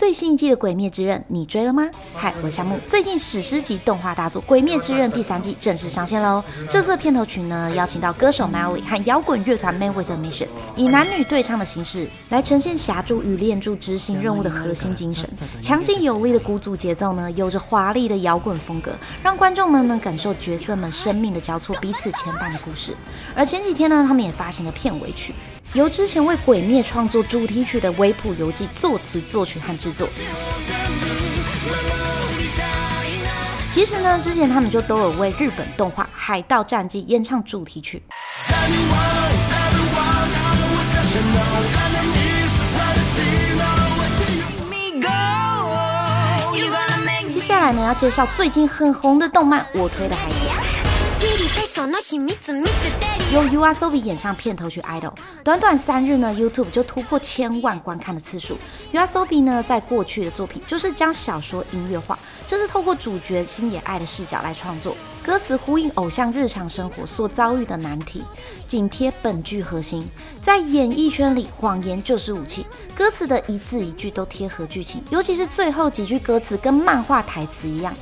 最新一季的《鬼滅之刃》你追了嗎？嗨，我是夏慕。最近史詩級動畫大作《鬼滅之刃》第三季正式上線嘍！這次的片頭曲呢，邀請到歌手 milet 和搖滾樂團 MAN WITH A MISSION 以男女對唱的形式來呈現霞柱與戀柱執行任務的核心精神。強勁有力的鼓組節奏呢，有着華麗的搖滾風格，讓觀眾們能感受角色們生命的交錯、彼此牽絆的故事。而前幾天呢，他們也發行了片尾曲。由之前為《鬼滅》創作主題曲的梶浦由記作詞、作曲和製作。其實呢，之前他們就都有為日本動畫《海盜戰記》演唱主題曲。接下來呢，要介紹最近很紅的動漫，我推的孩子。用 YOASOBI 演唱片頭曲 Idol，短短三日呢，YouTube 就突破千萬觀看的次數。YOASOBI 呢，在過去的作品就是將小說音樂化，這，就是透過主角星野愛的視角來創作，歌詞呼應偶像日常生活所遭遇的難題，緊貼本劇核心。在演藝圈裡，謊言就是武器，歌詞的一字一句都貼合劇情，尤其是最後幾句歌詞跟漫畫台詞一樣。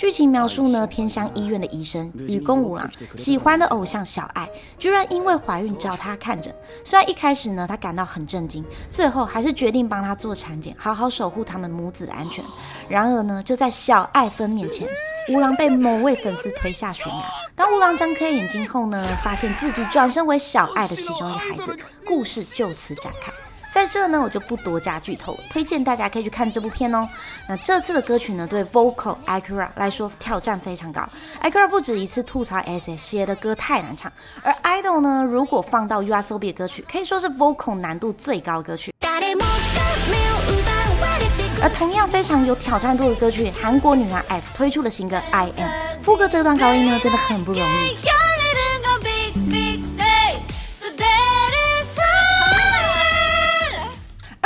劇情描述呢，偏向醫院的醫生雨宮吾郎喜歡的偶像小愛，居然因為懷孕找他看診。雖然一開始呢，他感到很震驚，最後還是決定幫他做產檢，好好守護他們母子的安全。然而呢，就在小愛分娩前，吾郎被某位粉絲推下懸崖。當吾郎睜開眼睛後呢，發現自己轉生為小愛的其中一個孩子，故事就此展開。在這呢，我就不多加劇透了，推薦大家可以去看這部片哦。那這次的歌曲呢，對 Vocal ikura 來說挑戰非常高。ikura 不止一次吐槽 Ayase 寫的歌太難唱，而 Idol 呢，如果放到 YOASOBI 的歌曲，可以說是 Vocal 難度最高的歌曲。而同樣非常有挑戰度的歌曲，韓國女團 IVE 推出了新歌 I AM，副歌這段高音呢，真的很不容易。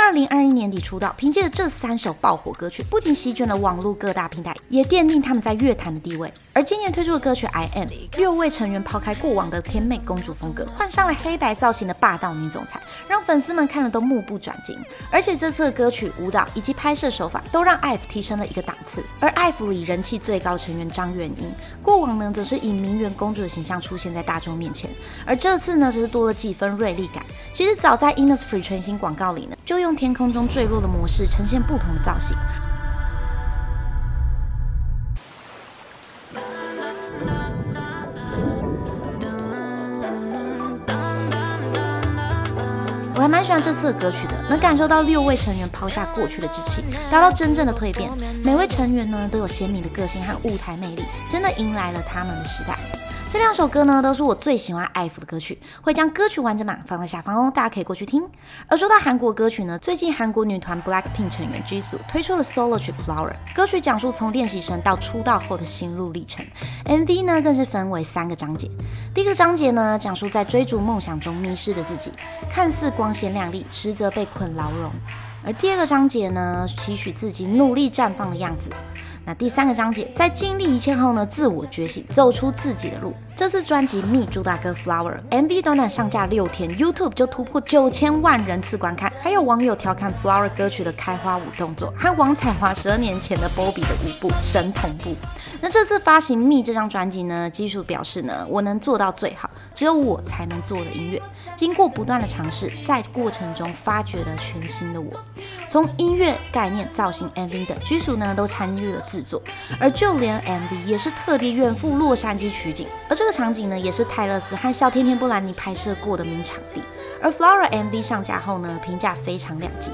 二零二一年底出道，憑借着這三首爆火歌曲，不僅席捲了網絡各大平台，也奠定他們在樂壇的地位。而今年推出的歌曲《I Am》，六位成員拋開過往的甜美公主風格，換上了黑白造型的霸道女總裁。讓粉絲們看了都目不轉睛，而且這次的歌曲、舞蹈以及拍攝手法都讓 IVE 提升了一個檔次。而 IVE 裡人氣最高成員張元英，過往呢則是以名媛公主的形象出現在大眾面前，而這次呢則是多了幾分銳利感。其實早在 Innisfree 全新廣告裡呢，就用天空中墜落的模式呈現不同的造型。我還蠻喜歡這次的歌曲的，能感受到六位成員拋下過去的稚氣，達到真正的蛻變。每位成員呢，都有鮮明的個性和舞台魅力，真的迎來了他們的時代。這兩首歌呢，都是我最喜歡 f 的歌曲，會將歌曲完整版放在下方哦，大家可以過去聽。而說到韓國歌曲呢，最近韓國女團 BLACKPINK 成員 Jisoo 推出了 solo 曲《Flower》，歌曲講述從練習生到出道後的心路歷程。MV 呢更是分為三個章節，第一個章節呢講述在追逐夢想中迷失的自己，看似光鮮亮麗，實則被困牢籠；而第二個章節呢期許自己努力綻放的樣子。那第三個章節，在經歷一切後呢，自我覺醒，走出自己的路。這次專輯《me》主打歌《Flower》MV 短，短短上架六天，YouTube 就突破九千萬人次觀看。還有網友調侃《Flower》歌曲的開花舞動作，和王彩華十二年前的《Bobby》的舞步神同步。那這次發行《me》這張專輯呢，Jisoo 表示呢，我能做到最好，只有我才能做的音樂。經過不斷的嘗試，在過程中發掘了全新的我。從音樂概念、造型、MV 等，劇組呢都參與了制作，而就連 MV 也是特別遠赴洛杉磯取景，而這個場景呢也是泰勒斯和笑天天布蘭妮拍攝過的名場地。而 Flower MV 上架後呢，評價非常兩極，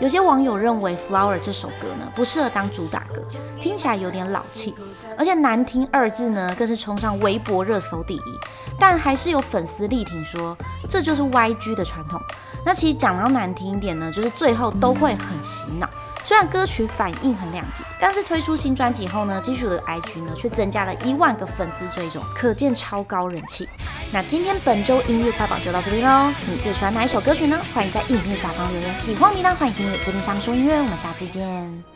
有些網友認為 Flower 這首歌呢不適合當主打歌，聽起來有點老氣，而且難聽二字呢更是衝上微博熱搜第一，但還是有粉絲力挺說這就是 YG 的傳統。那其實講到難聽一點呢，就是最後都會很洗腦。雖然歌曲反應很兩極，但是推出新專輯後呢，Jisoo 的 IG 呢卻增加了一萬個粉絲追蹤，可見超高人氣。那今天本周音樂快報就到這邊嘍。你最喜歡哪一首歌曲呢？歡迎在影片下方留言。喜歡民謠，歡迎訂閱夏慕說音樂。我們下次見。